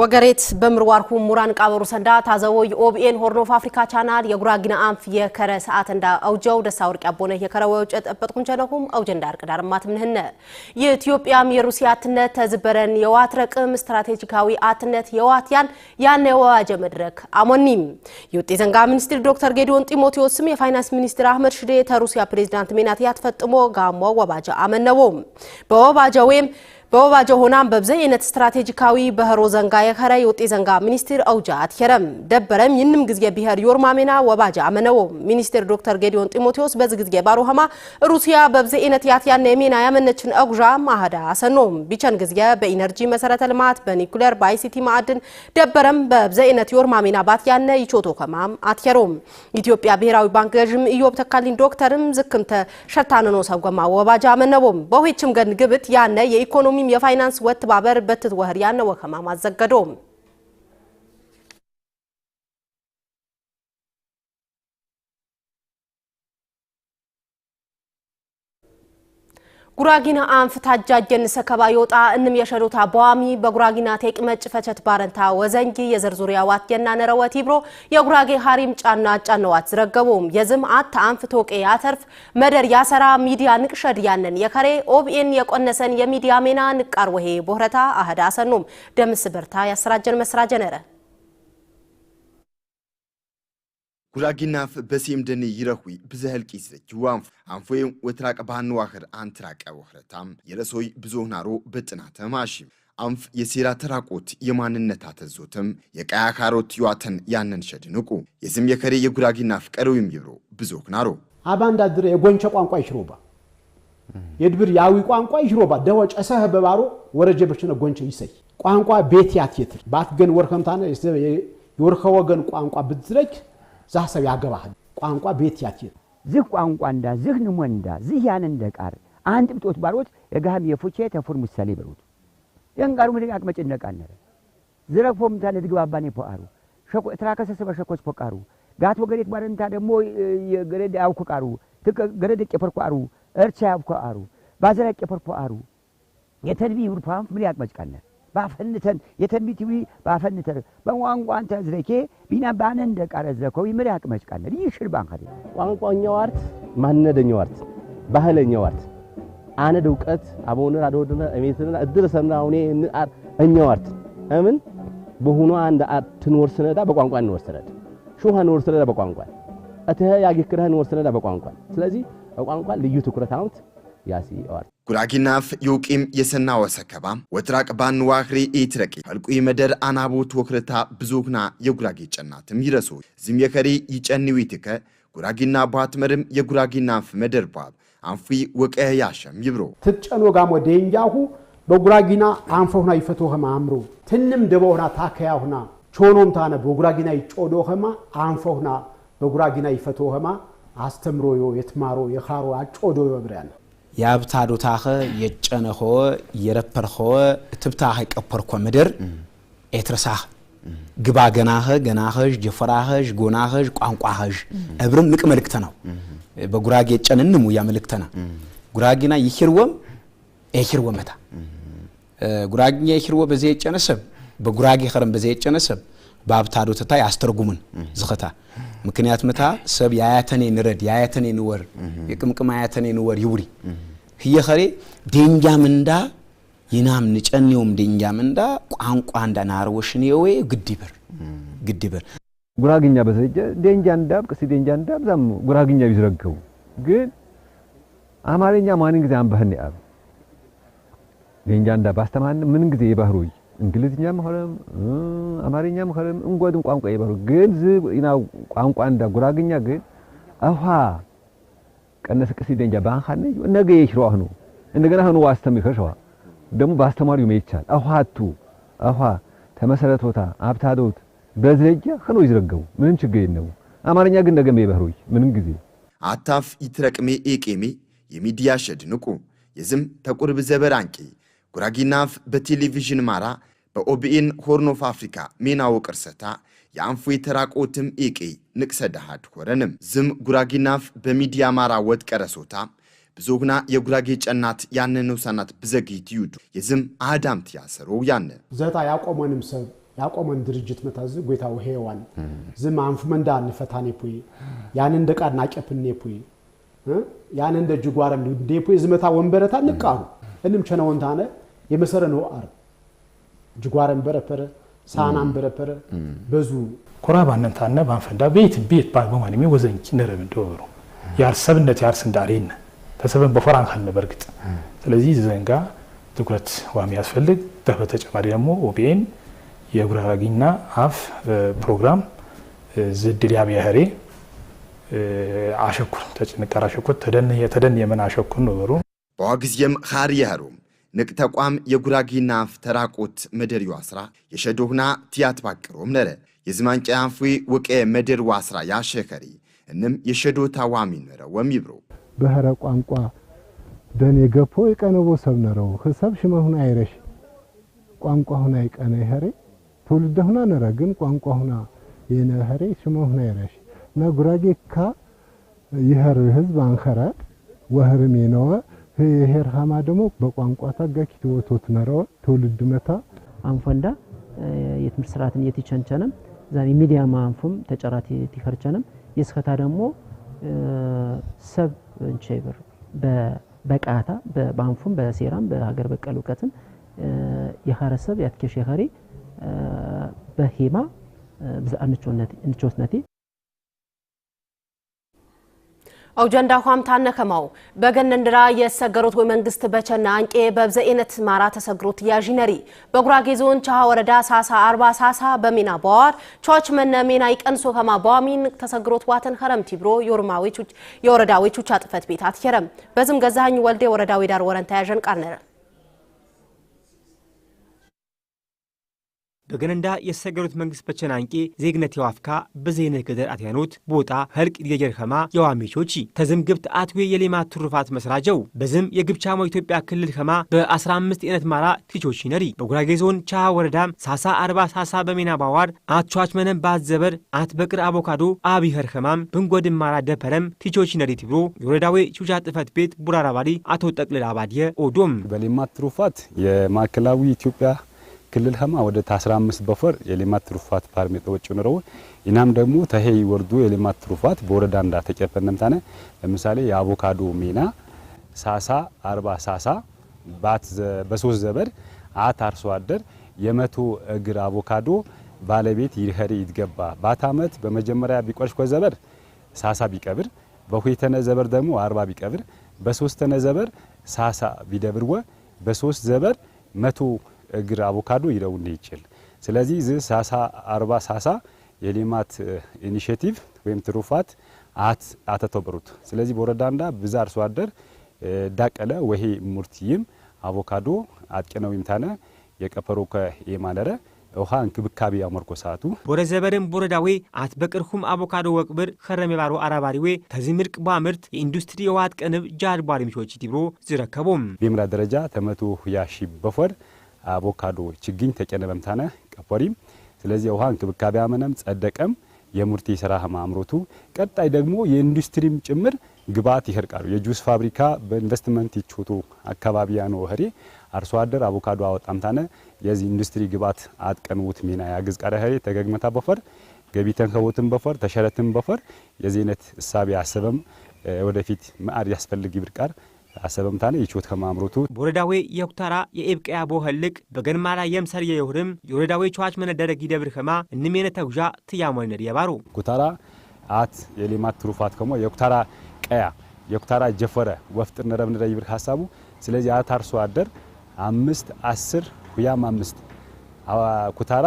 ወገሬት በምርዋርኩ ሙራን ቃበሩ ሰንዳ ታዘቦ የኦቢኤን ሆርኖፍ አፍሪካ ቻናል የጉራጊና አንፍ የከረ ሰዓት እንዳ አውጀው ደሳ ወርቅ ያቦነ የከረ ወውጭ ጠበጥኩን ቸነሁም አውጀንዳ እርቅ ዳርማት ምንህነ የኢትዮጵያም የሩሲያ አትነት ተዝበረን የዋት ረቅም ስትራቴጂካዊ አትነት የዋት ያን ያን የዋጀ መድረክ አሞኒም የውጤ ዘንጋ ሚኒስትር ዶክተር ጌዲዮን ጢሞቴዎስም የፋይናንስ ሚኒስትር አህመድ ሽዴ ተሩሲያ ፕሬዚዳንት ሜናት ያትፈጥሞ ጋሞ ወባጀ አመነቦም በወባጀ ወይም በወባ ጆሆናን በብዘ የነት ስትራቴጂካዊ በህሮ ዘንጋ የኸረ የውጤ ዘንጋ ሚኒስትር አውጃ አትሄረም ደበረም ይንም ጊዜ ብሄር ዮርማሜና ወባጃ አመነው ሚኒስትር ዶክተር ጌዲዮን ጢሞቴዎስ በዚ ጊዜ ባሮሃማ ሩሲያ በብዘ በብዘይነት ያትያነ የሜና ያመነችን አጉዣ ማህዳ አሰኖም ቢቸን ጊዜ በኢነርጂ መሰረተ ልማት በኒኩሌር በአይሲቲ ማዕድን ደበረም በብዘ የነት ዮርማሜና ባትያነ ይቾቶ ከማም አትሄሮም ኢትዮጵያ ብሔራዊ ባንክ ገዥም ኢዮብ ተካሊን ዶክተርም ዝክምተ ሸርታነኖ ሰጎማ ወባጃ አመነቦም በሁችም ገን ግብት ያነ የኢኮኖሚ የፋይናንስ ወት ባበር በትት ወህርያነ ወኸማ ማዘገዶም ጉራጊና አንፍ ታጃጀን ሰከባ ይወጣ እንም የሸሩታ በዋሚ በጉራጊና ቴቅ መጭ ፈቸት ባረንታ ወዘንጊ የዘርዙሪያ ዋት የና ነረወት ይብሮ የጉራጌ ሀሪም ጫና ጫናዋት ዝረገቡም የዝም አት አንፍቶ ቶቄ ያተርፍ መደር ያሰራ ሚዲያ ንቅሸድ ያንን የከሬ ኦብኤን የቆነሰን የሚዲያ ሜና ንቃር ወሄ ቦህረታ አህዳ አሰኑም ደምስ በርታ ያሰራጀን መስራጀነረ ጀነረ ጉራጊናፍ በሴም ደኔ ይረሁይ ብዘህል ቂስ ጅዋንፍ አንፎይ ወትራቀ ባን ዋህር አንትራቀ ወህረታም የረሶይ ብዙህናሮ በጥናተ ማሽም አንፍ የሴራ ተራቆት የማንነት አተዞትም የቀያ ካሮት ዩዋተን ያንን ሸድንቁ የዝም የከሬ የጉራጊና ቀረዊም ይብሮ ብዙህናሮ አባንዳ ድረ የጎንቸ ቋንቋ ይሽሮባ የድብር ያዊ ቋንቋ ይሽሮባ ደወጭ ሰህ በባሮ ወረጀበችነ ጎንቸ ይሰይ ቋንቋ ቤት ያትየትር ባትገን ወርከምታነ የወርከወገን ቋንቋ ብትዝረክ ዛ ሰብ ያገባህ ቋንቋ ቤት ያት ዝህ ቋንቋ እንዳ ዝህ ንሞንዳ ዝህ ያን እንደ ቃር አንድ ብጦት ባሮት የጋህም የፉቼ ተፉር ሙሳሌ በሩት ደንቃሩ ምድ አቅመጭ እንደቃነረ ዝረግፎ ምታለ ድግባባኔ ፖአሩ ትራከሰስበ ሸኮች ፖቃሩ ጋት ወገሬት ባረንታ ደግሞ ገረድ አውኩ ቃሩ ገረድ ቄፐርኩ አሩ እርቻ ያብኩ አሩ ባዘራ ቄፐርኩ አሩ የተድቢ ብርፓም ምን ያቅመጭ ቃነረ ባፈንተን የተንቢትዊ ባፈንተ በቋንቋ አንተ ዝበኬ እንተ ዝረኬ ቢናባነን ደቃረ ዝረኮዊ ምርያቅ መጭቃነር ይህ ሽርባን ኸደ ቋንቋኛው አርት ማነደኛው አርት ባህለኛው አርት አነድ እውቀት አበውንር አደወድነ እሜትነ እድር ሰና ሁኔ እኛው አርት እምን በሆኗ አንድ አርትን ወርስነዳ በቋንቋ እንወርስነድ ሹሃ እንወርስነዳ በቋንቋ እትህ ያጌክረህ እንወርስነዳ በቋንቋ ስለዚህ በቋንቋ ልዩ ትኩረት አውት ያሲኦር ጉራጊናፍ ዮቂም የሰና ወሰከባ ወትራቅ ባን ዋክሪ ኢትረቂ ፈልቁ መደር አናቦት ወክረታ ብዙክና የጉራጌ ጨናትም ይረሱ ዝም የከሪ ይጨኒው ይትከ ጉራጊና ባትመርም የጉራጊናፍ መደር ባብ አንፊ ወቀህ ያሸም ይብሮ ትጨኖ ጋሞ ደንጃሁ በጉራጊና አንፎና ይፈቶ ኸማ አምሮ ትንም ደቦና ታከያሁና ቾኖም ታነ በጉራጊና ይጮዶ ኸማ አንፎና በጉራጊና ይፈቶ ኸማ አስተምሮ ዮ የትማሮ የኻሮ አጮዶ ይወብራል የኣብታዶታኸ የጨነኸወ የረፐርኸወ ትብታኸ ይቀፐርኮ ምድር ኤትርሳኽ ግባ ገናኸ ገናኸዥ ጀፈራኸዥ ጎናኸዥ ቋንቋኸዥ እብርም ንቅ ነው በጉራጌ ጨን እንሙ ያ ና ጉራጊና ይሂርወም ኤሂርወመታ ጉራጊኛ ይሂርወ በዘ የጨነ ሰብ በጉራጌ ኸረም በዘ የጨነ ሰብ ብኣብታዶትታ ያስተርጉምን ዝኸታ ምክንያት መታ ሰብ የኣያተነይ ንረድ የኣያተነይ ንወር የቅምቅም ኣያተነይ ንወር ይውሪ ህየኸሬ ደንጃም እንዳ ይናም ንጨኔዮም ደንጃም እንዳ ቋንቋ እንዳ ናርወሽንየወ ግዲብር ግዲብር ጉራግኛ በተጀ ደንጃ እንዳብ ቅስ ደንጃ እንዳብ ዛም ጉራግኛ ቢዝረገቡ ግን አማርኛ ማንን ጊዜ አንባህን ያብ ደንጃ እንዳብ አስተማን ምን ጊዜ የባህሮይ እንግሊዝኛም ሆነም አማርኛም ሆነም እንጎድም ቋንቋ ይበሩ ግን ዝ ዝና ቋንቋ እንደ ጉራግኛ ግን አፋ ቀነስ ቅስ ይደንጃ ባንካነ ነገ የሽሮ አሁኑ እንደገና ሆኖ ዋስተም ይፈሽዋ ደግሞ ባስተማሪው መይቻል አፋቱ አፋ ተመሰረቶታ አብታዶት በዝረጃ ሆኖ ይዝረገው ምንም ችግር የለው። አማርኛ ግን ነገ መይበሩይ ምንም ጊዜ አታፍ ይትረቅሜ ኤቄሜ የሚዲያ ሸድ ንቁ የዝም ተቁርብ ዘበር አንቄ ጉራጊናፍ በቴሌቪዥን ማራ በኦቢኤን ሆርን ኦፍ አፍሪካ ሜናዎ ቅርሰታ የተራቆትም ተራቆትም ንቅሰ ደሃድ ሆረንም ዝም ጉራጊናፍ በሚዲያ ማራ ወጥ ቀረሶታ ብዙግና የጉራጌ ጨናት ያነነው ሳናት ብዘግይት ይዩዱ የዝም አዳምት ያሰረው ያነ ዘታ ያቆመንም ሰብ ያቆመን ድርጅት መታዝ ጎይታ ውሄዋል ዝም አንፉ መንዳ ንፈታኔ ፖይ ያን እንደ ቃድ ናጨፍኔ ፖይ ያን እንደ ጅጓረም ንዴ ዝመታ ወንበረታ ንቃሩ እንም ቸነወንታነ የመሰረ ነው አር ጅጓረን በረፐረ ሳናን በረፐረ በዙ ኮራ ባነንታነ ባንፈንዳ ቤት ቤት ባልበማን የሚ ወዘኝ ነረብ እንደወሩ የአርሰብነት የአርስ እንዳሬነ ተሰበን በፎራን ካለ በርግጥ ስለዚህ ዘንጋ ትኩረት ዋሚ ያስፈልግ በተጨማሪ ደግሞ ኦቢኤን የጉራጊና አፍ ፕሮግራም ዝድልያ ብሔሬ አሸኩር ተጭንቀር አሸኩር ተደን የመን አሸኩር ነበሩ በዋ ጊዜም ኻር ያሩ ንቅ ተቋም የጉራጊና አፍ ተራቆት መደር ዋስራ የሸዶሁና ትያት ባቅሮም ነረ የዝማንጫ አንፉ ውቄ መደር ዋስራ ያሸከሪ እንም የሸዶ ታዋሚ ነረወም ይብሮ በህረ ቋንቋ ደኔ የገፖ የቀነቦ ሰብ ነረው ህሰብ ሽመሁን አይረሽ ቋንቋ ሁና ይቀነ ይኸሬ ትውልደ ሁና ነረ ግን ቋንቋ ሁና የነህሬ ሽመሁን አይረሽ እና ጉራጌካ ካ ይኸር ህዝብ አንኸረ ወህርም የነወ ይሄር ሃማ ደግሞ በቋንቋ ጋኪ ወቶት ነረወ ትውልድ መታ አንፈንዳ የትምህርት ስርዓትን የትቸንቸንም ዛሚ ሚዲያ ማንፉም ተጨራት ቲከርቸንም የስከታ ደግሞ ሰብ እንቸይብር በቃታ በባንፉም በሴራም በሀገር በቀል እውቀትም የኸረሰብ ያትኬሽ የኸሬ በሄማ ብዛ እንቾትነቴ አውጀንዳ ኳምታነ ከማው በገነንድራ የሰገሩት ወይ መንግስት በቸና አንቄ በብዘኤነት ማራ ተሰግሩት ያዥነሪ በጉራጌ ዞን ቻሃ ወረዳ ሳሳ አርባ ሳሳ በሚና በዋር ቾች መነ ሜና ይቀንሶ ከማ በዋሚን ተሰግሮት ዋተን ኸረም ቲብሮ የወረዳ ዌቹቻ ጥፈት ቤት አትከረም በዝም ገዛኝ ወልዴ ወረዳ ዌዳር ወረንታ ያዥን ነረ በገነንዳ የሰገሩት መንግስት በቸናንቂ ዜግነት የዋፍካ በዜነት ገደር አትያኖት ቦጣ ህልቅ የጀር የዋሚቾች ተዝም ግብት አትዌ የሌማት ትሩፋት መስራጀው በዝም የግብቻሞ ኢትዮጵያ ክልል ኸማ በ15 የነት ማራ ቲቾቺ ነሪ በጉራጌ ዞን ቻሃ ወረዳም ሳሳ አርባ ሳሳ በሜና ባዋር አቸዋች መነም ባዘበር አትበቅር አቮካዶ አብኸር ኸማም ብንጎድም ማራ ደፐረም ቲቾቺ ነሪ ትብሮ የወረዳዊ ቹቻ ጥፈት ቤት ቡራራባሪ አቶ ጠቅልል አባድየ ኦዶም በሌማት ትሩፋት የማዕከላዊ ኢትዮጵያ ክልል ሀማ ወደ 15 በፈር የሌማት ትሩፋት ፓርሜ ተወጭ ነው ኢናም ደግሞ ተሄይ ወርዱ የሌማት ትሩፋት በወረዳ እንዳ ተጨፈነም ታነ ለምሳሌ የአቮካዶ ሜና ሳሳ 40 ሳሳ ባት በሶስት ዘበድ አት አርሶ አደር የመቶ እግር አቮካዶ ባለቤት ይርኸሪ ይትገባ ባት አመት በመጀመሪያ ቢቆርሽ ኮዘበር ሳሳ ቢቀብር በሁይተነ ዘበር ደግሞ 40 ቢቀብር በሶስተነ ዘበር ሳሳ ቢደብርወ በሶስት ዘበር መቶ እግር አቮካዶ ይለውን ይችል ስለዚህ ዝ ሳሳ አርባ ሳሳ የሌማት ኢኒሽቲቭ ወይም ትሩፋት አት አተተበሩት ስለዚህ በወረዳንዳ ብዛ አርሶ አደር ዳቀለ ወሄ ሙርትይም አቮካዶ አጥቀነው ይምታነ የቀፈሮ ከየማለረ ውሃ እንክብካቤ አመርኮ ሰዓቱ ወረ ዘበረም ቦረዳዌ አትበቅርሁም አቮካዶ ወቅብር ኸረሜ ባሮ አራባሪዌ ምርቅ ባምርት የኢንዱስትሪ የዋት ቀንብ ጃድባሪ ምቾች ቲብሮ ዝረከቦም በምራ ደረጃ ተመቱ ያሺ በፈር አቮካዶ ችግኝ ተጨነ በምታነ ቀፈሪም ስለዚህ ውሃ እንክብካቤ አመነም ጸደቀም የሙርቲ ስራ ማምሮቱ ቀጣይ ደግሞ የኢንዱስትሪም ጭምር ግባት ይህርቃሉ የጁስ ፋብሪካ በኢንቨስትመንት ይቾቶ አካባቢ ያኖ ህሬ አርሶ አደር አቮካዶ አወጣምታነ የዚህ ኢንዱስትሪ ግባት አጥቀንውት ሚና ያግዝ ቀረ ህሬ ተገግመታ በፈር ገቢ ከቦትን በፈር ተሸረትን በፈር የዚህ አይነት እሳቢ አስበም ወደፊት መአር ያስፈልግ ይብርቃር አሰበምታነ ይቾት ከማምሮቱ በወረዳዌ የኩታራ የኤብቀያ ቦኸልቅ በገንማላ የምሰር የይሁርም የወረዳዌ ቸዋች መነደረግ ይደብር ከማ እንሜነ ተጉዣ ትያሞነድ የባሩ ኩታራ አት የሌማት ትሩፋት ከሞ የኩታራ ቀያ የኩታራ ጀፈረ ወፍጥር ነረብ ነረ ይብር ሀሳቡ ስለዚህ አት አርሶ አደር አምስት አስር ሁያም አምስት ኩታራ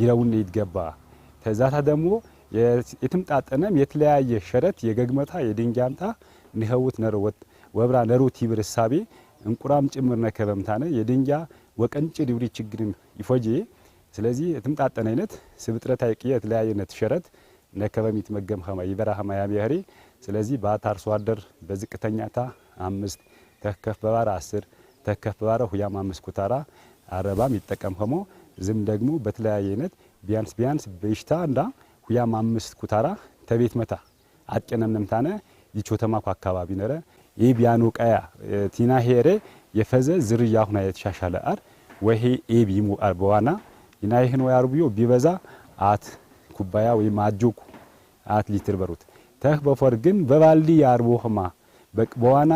ይረውን ይትገባ ተዛታ ደግሞ የትምጣጠነም የተለያየ ሸረት የገግመታ የድንጋምታ ንኸውት ነረወት ወብራ ይብር ብርሳቤ እንቁራም ጭምር ነከበምታነ የድንጃ ወቀንጭ ድብሪ ችግርን ይፎጂ ስለዚህ እትምጣጠን አይነት ስብጥረት አይቅየ የተለያየነት ሸረት ነከበም ይትመገም ኸማ ይበራ ኸማ ያብያሪ ስለዚህ በአታርሶ አደር በዝቅተኛታ አምስት ተከፍ በባራ አስር ተከፍ በባራ ሁያም አምስት ኩታራ አረባም ይጠቀም ኸሞ ዝም ደግሞ በተለያየ አይነት ቢያንስ ቢያንስ በሽታ እንዳ ሁያም አምስት ኩታራ ተቤት መታ አጥቀነምታነ ይቾተማኩ አካባቢ ነረ ኤቢያኖ ቀያ ቲና ሄሬ የፈዘ ዝርያ ሁና የተሻሻለ አር ወሄ ኤቢ ሙቃር በዋና ይና ይህን ወይ አርብዮ ቢበዛ አት ኩባያ ወይም አጆኩ አት ሊትር በሩት ተህ በፈር ግን በባልዲ ያርቦ ህማ በዋና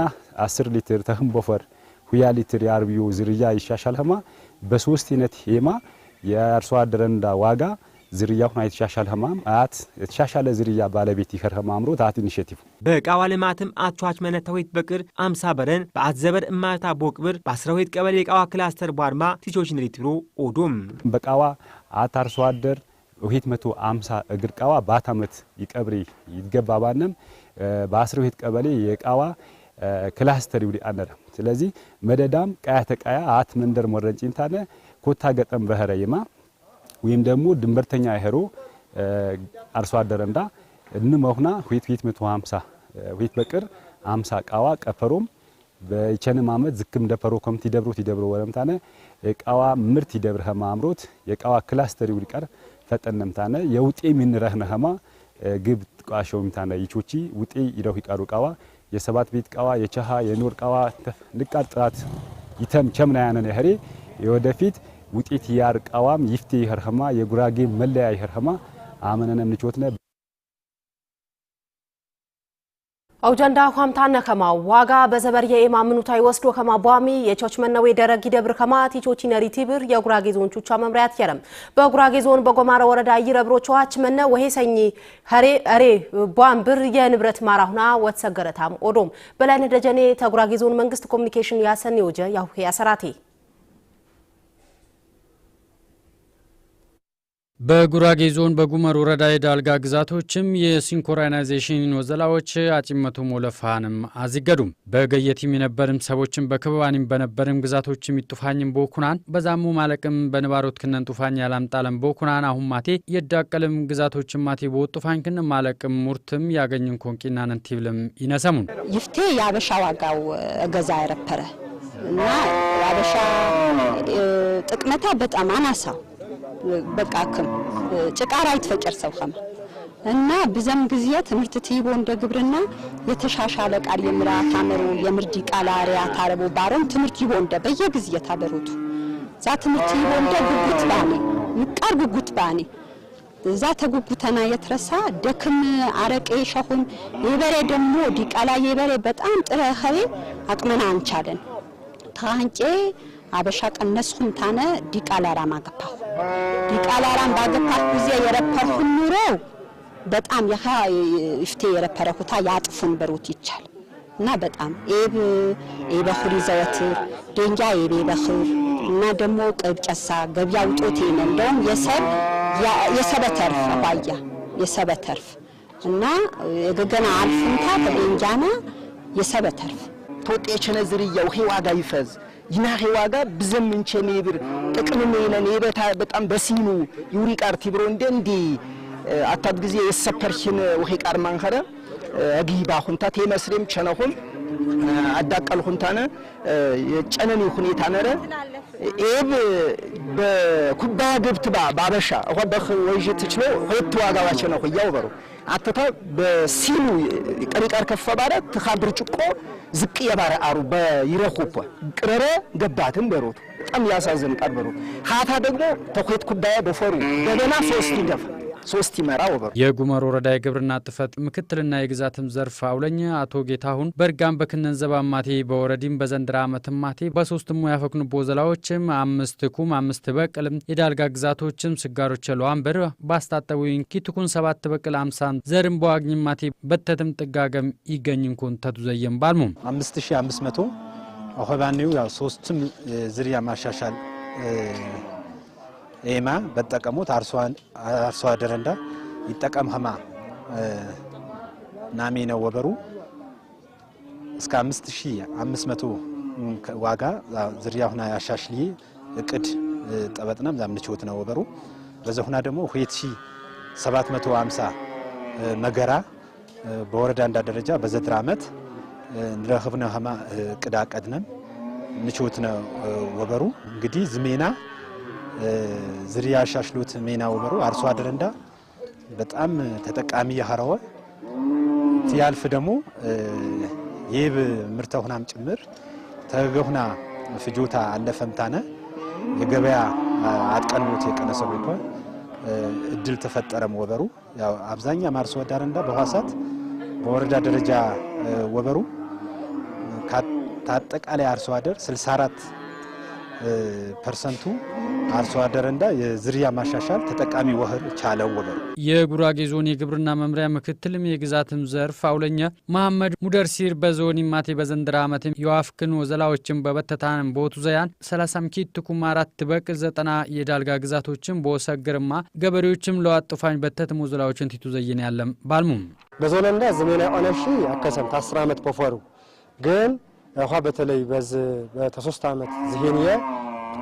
10 ሊትር ተህም በፈር ሁያ ሊትር የአርብዮ ዝርያ ይሻሻል ህማ በሶስት ይነት ሄማ የአርሶ አደረንዳ ዋጋ ዝርያውን የተሻሻለ ህማም አያት የተሻሻለ ዝርያ ባለቤት ይከር ህማምሮ ታት ኢኒሽቲቭ በቃዋ ልማትም አቸዋች መነታዊት በቅር አምሳ በረን በአትዘበር እማታ ቦቅብር በአስራዊት ቀበሌ የቃዋ ክላስተር ቧርማ ቲቾች ንሪትሮ ኦዶም በቃዋ አት አርሶ አደር ውሂት መቶ አምሳ እግር ቃዋ በአት አመት ይቀብሪ ይገባ ባንም በአስራዊት ቀበሌ የቃዋ ክላስተር ይውዲ አነረ ስለዚህ መደዳም ቀያ ተቃያ አት መንደር ሞረንጭ ኮታ ገጠም በህረ ይማ ወይም ደግሞ ድንበርተኛ የሄሮ አርሶ አደረ አደረንዳ እንመሆና ሁይት ሁይት መቶ ሀምሳ ሁይት በቅር ሀምሳ ቃዋ ቀፈሮም በቸን ማመት ዝክም ደፈሮ ከምቲ ደብሮት ይደብሮ ወለምታነ ቃዋ ምርት ይደብር ሀማ አምሮት የቃዋ ክላስተር ይውልቀር ፈጠነምታነ የውጤ ምንረህነ ሀማ ግብ ቃሾም ታነ ይቾቺ ውጤ ይደው ይቃሩ ቃዋ የሰባት ቤት ቃዋ የቸሃ የኖር ቃዋ ንቃ ጥራት ይተም ቸምና ያነን የሄሬ የወደፊት ውጤት ያርቀዋም ይፍቴ ይርህማ የጉራጌ መለያ ይርህማ አመነነም ንቾትነ አውጀንዳ ኳምታነ ከማ ዋጋ በዘበር የኢማምኑታይ ወስዶ ከማ ቧሚ የቾች መነዌ ደረጊ ደብር ከማ ቲቾች ነሪ ቲብር የጉራጌ ዞን ቹቻ መምሪያት የረም በጉራጌ ዞን በጎማራ ወረዳ ይረብሮ ቸዋች መነ ወሄ ሰኝ ሀሬ አሬ ቧን ብር የንብረት ማራሁና ወትሰገረታም ኦዶም በላይነ ደጀኔ ተጉራጌ ዞን መንግስት ኮሚኒኬሽን ያሰኒ ወጀ ያሁ ያሰራቴ በጉራጌ ዞን በጉመር ወረዳ የዳልጋ ግዛቶችም የሲንኮራናይዜሽን ወዘላዎች አጭመቱ ሞለፋንም አዚገዱም በገየቲም የነበርም ሰቦችም በክበባኒም በነበርም ግዛቶችም ይጡፋኝም በኩናን በዛሙ ማለቅም በንባሮት ክነን ጡፋኝ ያላምጣለም በኩናን አሁን ማቴ የዳቀልም ግዛቶችም ማቴ በወጡፋኝ ክን ማለቅም ሙርትም ያገኝን ኮንቂና ነንቲብልም ይነሰሙን ይፍቴ የአበሻ ዋጋው እገዛ ያረፐረ እና የአበሻ ጥቅመታ በጣም አናሳው በቃ ከም ጭቃራይ ትፈጨር ሰብኸማ እና ብዘም ጊዜ ትምህርት ትይቦ እንደ ግብርና የተሻሻለ ቃል የምራ ታመሩ የምርዲ ቃል አሪያ ታረቦ ትምህርት ይቦ እንደ በየጊዜ ታበሩቱ ዛ ትምህርት ይቦ እንደ ጉጉት ባኔ ምቃር ጉጉት ባኔ እዛ ተጉጉተና የተረሳ ደክም አረቄ ሸኹም የበሬ ደግሞ ዲቃላ የበሬ በጣም ጥረ ኸቤ አቅመና አንቻለን ታንጬ አበሻ ቀነስኹም ታነ ዲቃላ ራማ ገባሁ ይቃላራን ባገባሁ ጊዜ የረፐርኩን ኑሮ በጣም ያሃ ይፍቴ የረፐረኩታ ያጥፉን በሩት ይቻል እና በጣም ኤብ ኤበኽሪ ዘወትር ደንጃ ኤብ ኤበኽር እና ደግሞ ቀብጨሳ ገብያ ውጦት ነው እንደውም የሰብ የሰበተርፍ አባያ የሰበተርፍ እና የገገና አልፍንታ ተደንጃና የሰበተርፍ ቶጤ ቸነ ዝርያው ሄዋጋ ይፈዝ ይናሄ ዋጋ ብዘም እንቸ ሜብር ጥቅም ነን የበታ በጣም በሲኑ ዩሪ ቃር ቲብሮ እንደ እንዲ አታት ጊዜ የሰፐርሽን ወሄ ቃር ማንከረ አጊባ ሁንታ ተመስሪም ቸነሁም አዳቀል ሁንታነ የጨነን ሁኔታ ነረ ኤብ በኩባያ ገብትባ ባበሻ አሁን በህ ወይጅ ትችሎ ሁለት ዋጋ ባቸነሁ ያው በሩ አተታ በሲኑ ቀሪቃር ከፈ ባዳ ተኻብር ጭቆ ዝቅ የባረ አሩ በይረኹፖ ቅረረ ገባትም በሮቱ በጣም ያሳዝን ቃል በሮቱ ሀታ ደግሞ ተኮት ኩባያ በፈሩ በገና ሶስት ይደፋ ሶስት ይመራ ወበሩ የጉመር ወረዳ የግብርና ጥፈት ምክትልና የግዛትም ዘርፍ አውለኝ አቶ ጌታሁን በእርጋም በክነን በክነንዘብ ማቴ በወረዲም በዘንድራ ዓመት ማቴ በሶስት በሶስትም ያፈክኑ ቦዘላዎችም አምስት ኩም አምስት በቅልም የዳልጋ ግዛቶችም ስጋሮች ለዋንበር ባስታጠቡኝ ኪትኩን ሰባት በቅል አምሳን ዘርም በዋግኝ ማቴ በተትም ጥጋገም ይገኝን ኩን ተቱ ዘየም ባልሙ አምስት ሺ አምስት መቶ ሆባኒው ያው ሶስትም ዝርያ ማሻሻል ኤማ በጠቀሙት አርሶ አደር እንዳ ይጠቀም ህማ ናሜ ነው ወበሩ እስከ 5500 ዋጋ ዝርያ ሁና ያሻሽልዬ እቅድ ጠበጥና ዛም ንችወት ነው ወበሩ በዛ ሁና ደግሞ ሺ 2750 መገራ በወረዳ እንዳ ደረጃ በዘድር ዓመት ንረኽብነ ህማ እቅድ አቀድነን ንችወት ነው ወበሩ እንግዲህ ዝሜና ዝርያ አሻሽሎት ሜናው በሩ አርሶ አደር እንዳ በጣም ተጠቃሚ ያሃረወ ትያልፍ ደግሞ የብ ምርተሁናም ጭምር ተገሁና ፍጆታ አለፈምታነ የገበያ አጥቀንቦት የቀነሰው እንኳ እድል ተፈጠረም ወበሩ ያው አብዛኛ አርሶ አደር እንዳ በኋሳት በወረዳ ደረጃ ወበሩ ከአጠቃላይ አርሶ አደር 64 ፐርሰንቱ አርሶ አደርና የዝርያ ማሻሻል ተጠቃሚ ወህር ቻለው ወገሩ የጉራጌ ዞን የግብርና መምሪያ ምክትልም የግዛትም ዘርፍ አውለኛ መሐመድ ሙደርሲር በዞን ማቴ በዘንድራ ዓመትም የዋፍክን ወዘላዎችን በበተታን ቦቱ ዘያን ሰላሳም ኪት ትኩም አራት በቅ ዘጠና የዳልጋ ግዛቶችን በወሰግርማ ገበሬዎችም ለዋጥፋኝ በተትም ወዘላዎችን ቲቱ ዘይን ያለም ባልሙም በዞንና ዘመናዊ ኦነሺ አከሰምት አስር ዓመት በፎሩ ግን ውሃ በተለይ በዚ በተሶስት ዓመት ዝሄንየ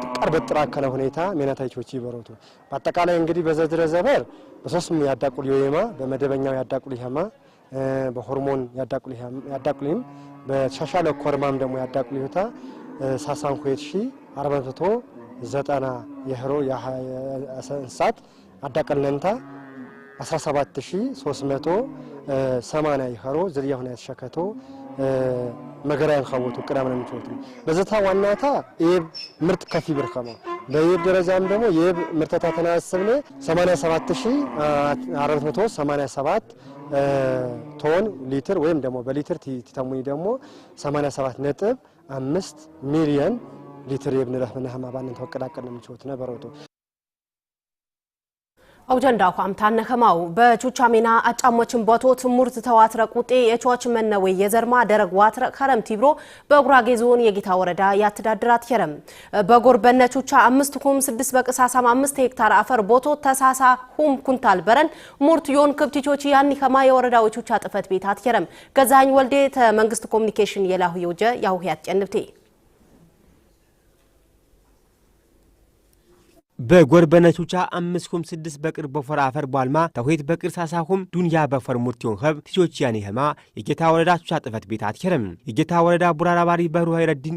ጥቃር በጥራከለ ሁኔታ ሜናታይቾች ይበረቱ በአጠቃላይ እንግዲህ በዘድረ ዘበር በሶስቱም ያዳቁል ዮየማ በመደበኛው ያዳቁል ይሄማ በሆርሞን ያዳቁልም በተሻሻለ ኮርማም ደግሞ ያዳቁል ይሁታ ሳሳንኩት ሺ አርባንቶ ዘጠና የህሮ እንስሳት አዳቀልነንታ 17380 የህሮ ዝርያ ሁና ያተሸከቶ መገራ ኻቦቱ ቅዳም ነው የሚችሉት በዘታ ዋናታ የብ ምርት ከፊብር ኸማ በየብ ደረጃም ደግሞ የብ ምርተታ ተናስብነ 87487 ቶን ሊትር ወይም ደግሞ በሊትር ቲተሙኒ ደግሞ 87 ነጥብ አምስት ሚሊየን ሊትር የብን ምናህማ ባንን ተወቀዳቀድ ነው የሚችሉት ነበረቱ አውጀንዳ ኳምታነ ኸማው በቹቻሜና አጫሞችን ቦቶት ሙርት ተዋትረቅ ውጤ የቾች መነዌ የዘርማ ደረግ ዋትረ ከረም ቲብሮ በጉራጌ ዞን የጌታ ወረዳ ያተዳድራት ኸረም በጎርበነ ቹቻ አምስት ኩም ስድስት በቅሳሳም አምስት ሄክታር አፈር ቦቶት ተሳሳ ሁም ኩንታል በረን ሙርት ዮን ክብቲቾች ያን ኸማ የወረዳው ቹቻ ጥፈት ቤታት ኸረም ገዛኝ ወልዴ ተመንግስት ኮሚኒኬሽን የላሁ የውጀ ያሁ ያትጨንብቴ በጎርበነቶቻ አምስኩም ስድስት በቅር በፎር አፈር ቧልማ ተውሂት በቅር ሳሳሁም ዱንያ በፎር ሙርቲዮን ኸብ ቲጆች ያኔ ህማ የጌታ ወረዳ ቹቻ ጥፈት ቤት አትከረም የጌታ ወረዳ ቡራራ ባሪ በሩ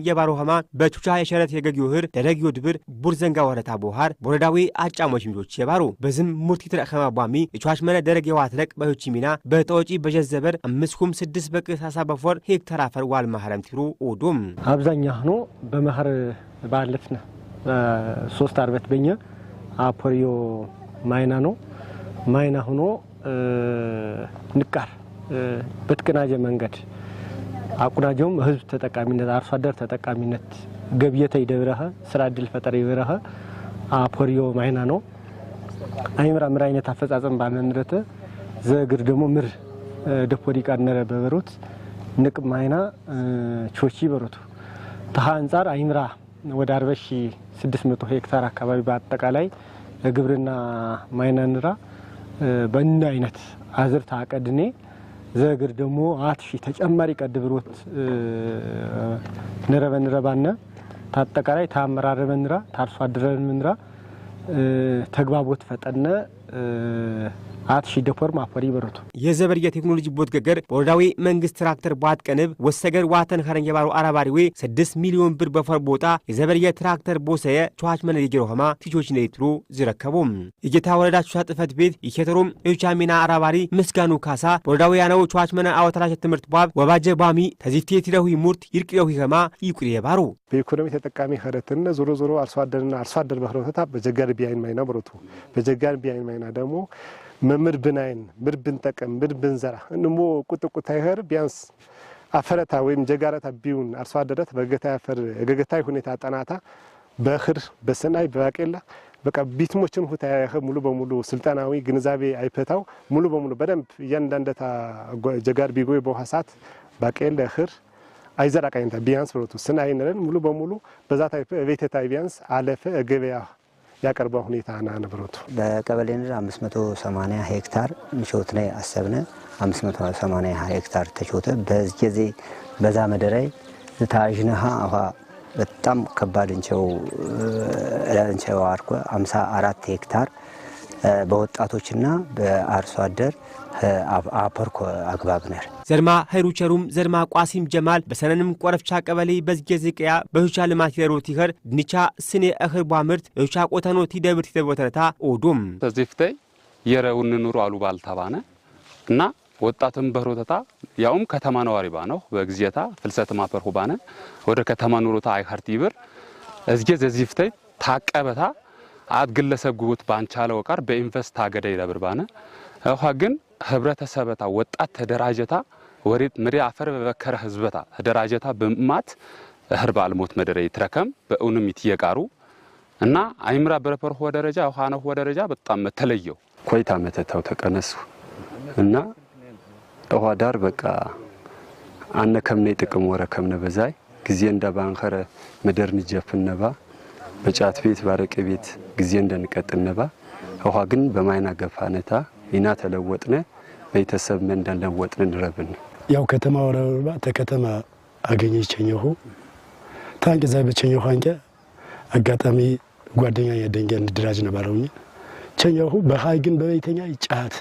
የባሮ ህማ በቹቻ የሸረት የገጊ ውህር ተደጊዮ ድብር ቡርዘንጋ ወረታ ቦሃር በወረዳዊ አጫሞች ምጆች የባሩ በዝም ሙርቲ ትረቅ ኸማ ቧሚ የቹዋሽ መነ ደረግ የዋትረቅ ትረቅ ሚና በጠወጪ በጀዘበር አምስኩም ስድስት በቅር ሳሳ በፎር ሄክተር አፈር ዋልማ ህረምቲሩ ቲሩ ኦዶም አብዛኛ ሆኖ በመኸር ባለፍና ሶስት አርበት በኛ አፖሪዮ ማይና ነው ማይና ሆኖ ንቃር በተቀናጀ መንገድ አቁናጀውም ህዝብ ተጠቃሚነት አርሶ አደር ተጠቃሚነት ገብየተ ይደብረኸ ስራ እድል ፈጠረ ይብረኸ አፖሪዮ ማይና ነው አይምራ ምር አይነት አፈጻጸም ባመንረተ ዘግር ደግሞ ምር ደፖዲቃ ነረ በበሮት ንቅ ማይና ቾቺ በሮቱ ተሃ አንጻር አይምራ ወደ 600 ሄክታር አካባቢ በአጠቃላይ ለግብርና ማይናንራ በእንድ አይነት አዝርት አቀድኔ ዘግር ደግሞ አትሺ ተጨማሪ ቀድብሮት ንረበንረባነ ታጠቃላይ ታመራረበንራ ታርሶ አደረንራ ተግባቦት ፈጠነ አትሽደኮር ማፈሪ ይበረቱ የዘበር የቴክኖሎጂ ቦት ገገር በወረዳዊ መንግስት ትራክተር ባት ቀንብ ወሰገር ዋተን ኸረን የባሩ አራባሪዌ ስድስት ሚሊዮን ብር በፈር ቦታ የዘበር የትራክተር ቦሰየ ቸዋች መነ የጀሮ ኸማ ቲቾች ነይትሩ ዝረከቡም የጌታ ወረዳ ቹሳ ጥፈት ቤት የኬተሮም እቻሚና አራባሪ ምስጋኑ ካሳ በወረዳዊ ያነው ቸዋች መነ አወተራሸ ትምህርት ቧብ ወባጀ ባሚ ተዚፍቴ ትለሁ ሙርት ይርቅለዊ ኸማ ይቁሪ የባሩ በኢኮኖሚ ተጠቃሚ ኸረትነ ዞሮ ዞሮ አርሶ አደርና አርሶ አደር በኸረተታ በጀጋር ቢያይን ማይና ብረቱ በጀጋር ቢያይን ማይና ደግሞ ምድር ብናይን ምድር ብንጠቀም ምድር ብንዘራ እንሞ ቁጥቁታ ይኸር ቢያንስ አፈረታ ወይም ጀጋረታ ቢውን አርሶ አደረት በገታ በገገታይ ሁኔታ ጠናታ በእኽር በሰናይ በባቄላ በቃ ቢትሞችን ሁታ ያኸ ሙሉ በሙሉ ስልጠናዊ ግንዛቤ አይፈታው ሙሉ በሙሉ በደንብ እያንዳንደታ ጀጋር ቢጎይ በውሃ ሰዓት ባቄለ እኽር አይዘር ቢያንስ ብረቱ ስናይ ነረን ሙሉ በሙሉ በዛታ ቤቴታይ ቢያንስ አለፈ ገበያ ያቀርባ ሁኔታ ና ንብረቱ በቀበሌ ንር 580 ሄክታር ምሾት ናይ አሰብነ 580 ሄክታር ተሾተ በዚ በዛ መደራይ ዝታዥነሃ አኋ በጣም ከባድ እንቸው እንቸው አርኮ 54 ሄክታር በወጣቶችና በአርሶ አደር አፐርኮ ነር ዘርማ ኸይሩቸሩም ዘርማ ቋሲም ጀማል በሰነንም ቆረፍቻ ቀበሌ በዝጌዝ ቅያ በሁቻ ልማት ይደሩ ቲኸር ድንቻ ስኔ እኽር ቧምርት የሁቻ ቆተኖ ቲደብር ቲተቦተነታ ኦዶም ተዚህ ፍተይ የረውን ኑሮ አሉ ባልተባነ እና ወጣትም በሮተታ ያውም ከተማ ነዋሪ ባነው በግዚየታ ፍልሰት ማፈርሁ ባነ ወደ ከተማ ኑሮታ አይኸርቲ ይብር እዝጌ ዘዚህ ፍተይ ታቀበታ አት ግለሰብ ጉቡት ባንቻለ ወቃር በኢንቨስት ታገደ ይደብር ባነ እኳ ግን ህብረተሰበታ ወጣት ተደራጀታ ወሪድ ምሪ አፈር በበከረ ህዝበታ ተደራጀታ ብምእማት ህርባ አልሞት መደረ ይትረከም በእውንም ይትየቃሩ እና አይምራ በረፈር ሆ ደረጃ ሆ ደረጃ በጣም መተለየው ኮይታ መተታው ተቀነሱ እና ውሃ ዳር በቃ አነ ከምነ ጥቅም ወረ ከምነ በዛይ ጊዜ እንደ ባንኸረ ምድር ንጀፍነባ በጫት ቤት ባረቄ ቤት ጊዜ እንደንቀጥነባ ውሃ ግን በማይና ገፋነታ ኢና ተለወጥነ ቤተሰብ መን እንዳለወጥነ ንረብን ያው ከተማ ወረባ ተከተማ አገኘ ይቸኘሁ ታንቅ ዛ በቸኘሁ አንቀ አጋጣሚ ጓደኛ የደንገ ንድራጅ ነበረውኝ ቸኘሁ በሀይ ግን በቤተኛ ጫት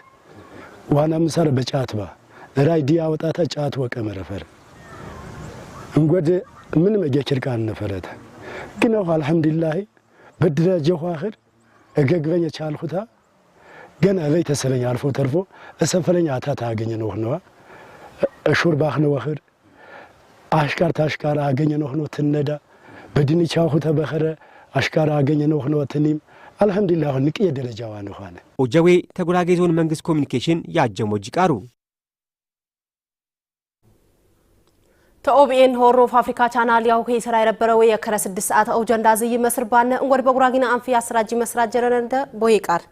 ዋና ምሳር በጫት ባ ራይ ዲያ ወጣታ ጫት ወቀ መረፈር እንጎድ ምን መገችር ቃል ነፈረተ ግን አልሐምዱሊላህ በድራጀ ኋህር እገግበኝ ቻልሁታ ግን እበይ ተሰለኝ አልፎ ተርፎ እሰንፈለኝ አታት አገኘ ነው ሆነዋ እሹር ባህነ ወህር አሽቃር ታሽቃር አገኘ ነው ሆኖ ትነዳ በድንቻ ሁተ በኸረ አሽቃር አገኘ ነው ሆኖ ትኒም አልሐምዱሊላህ አሁን ንቅየ ደረጃዋ ነው ሆነ ኦጀዌ ተጉራጌ ዞን መንግስት ኮሚኒኬሽን ያጀሞጅ ቃሩ ተኦቢኤን ሆሮ አፍሪካ ቻናል ያው ሄ ስራ የነበረው የከረ 6 ሰዓት ኦጀንዳ ዝይ መስርባነ እንወድ በጉራጊና አንፊ አስራጂ መስራጀረንደ ቦይ ቦይቃር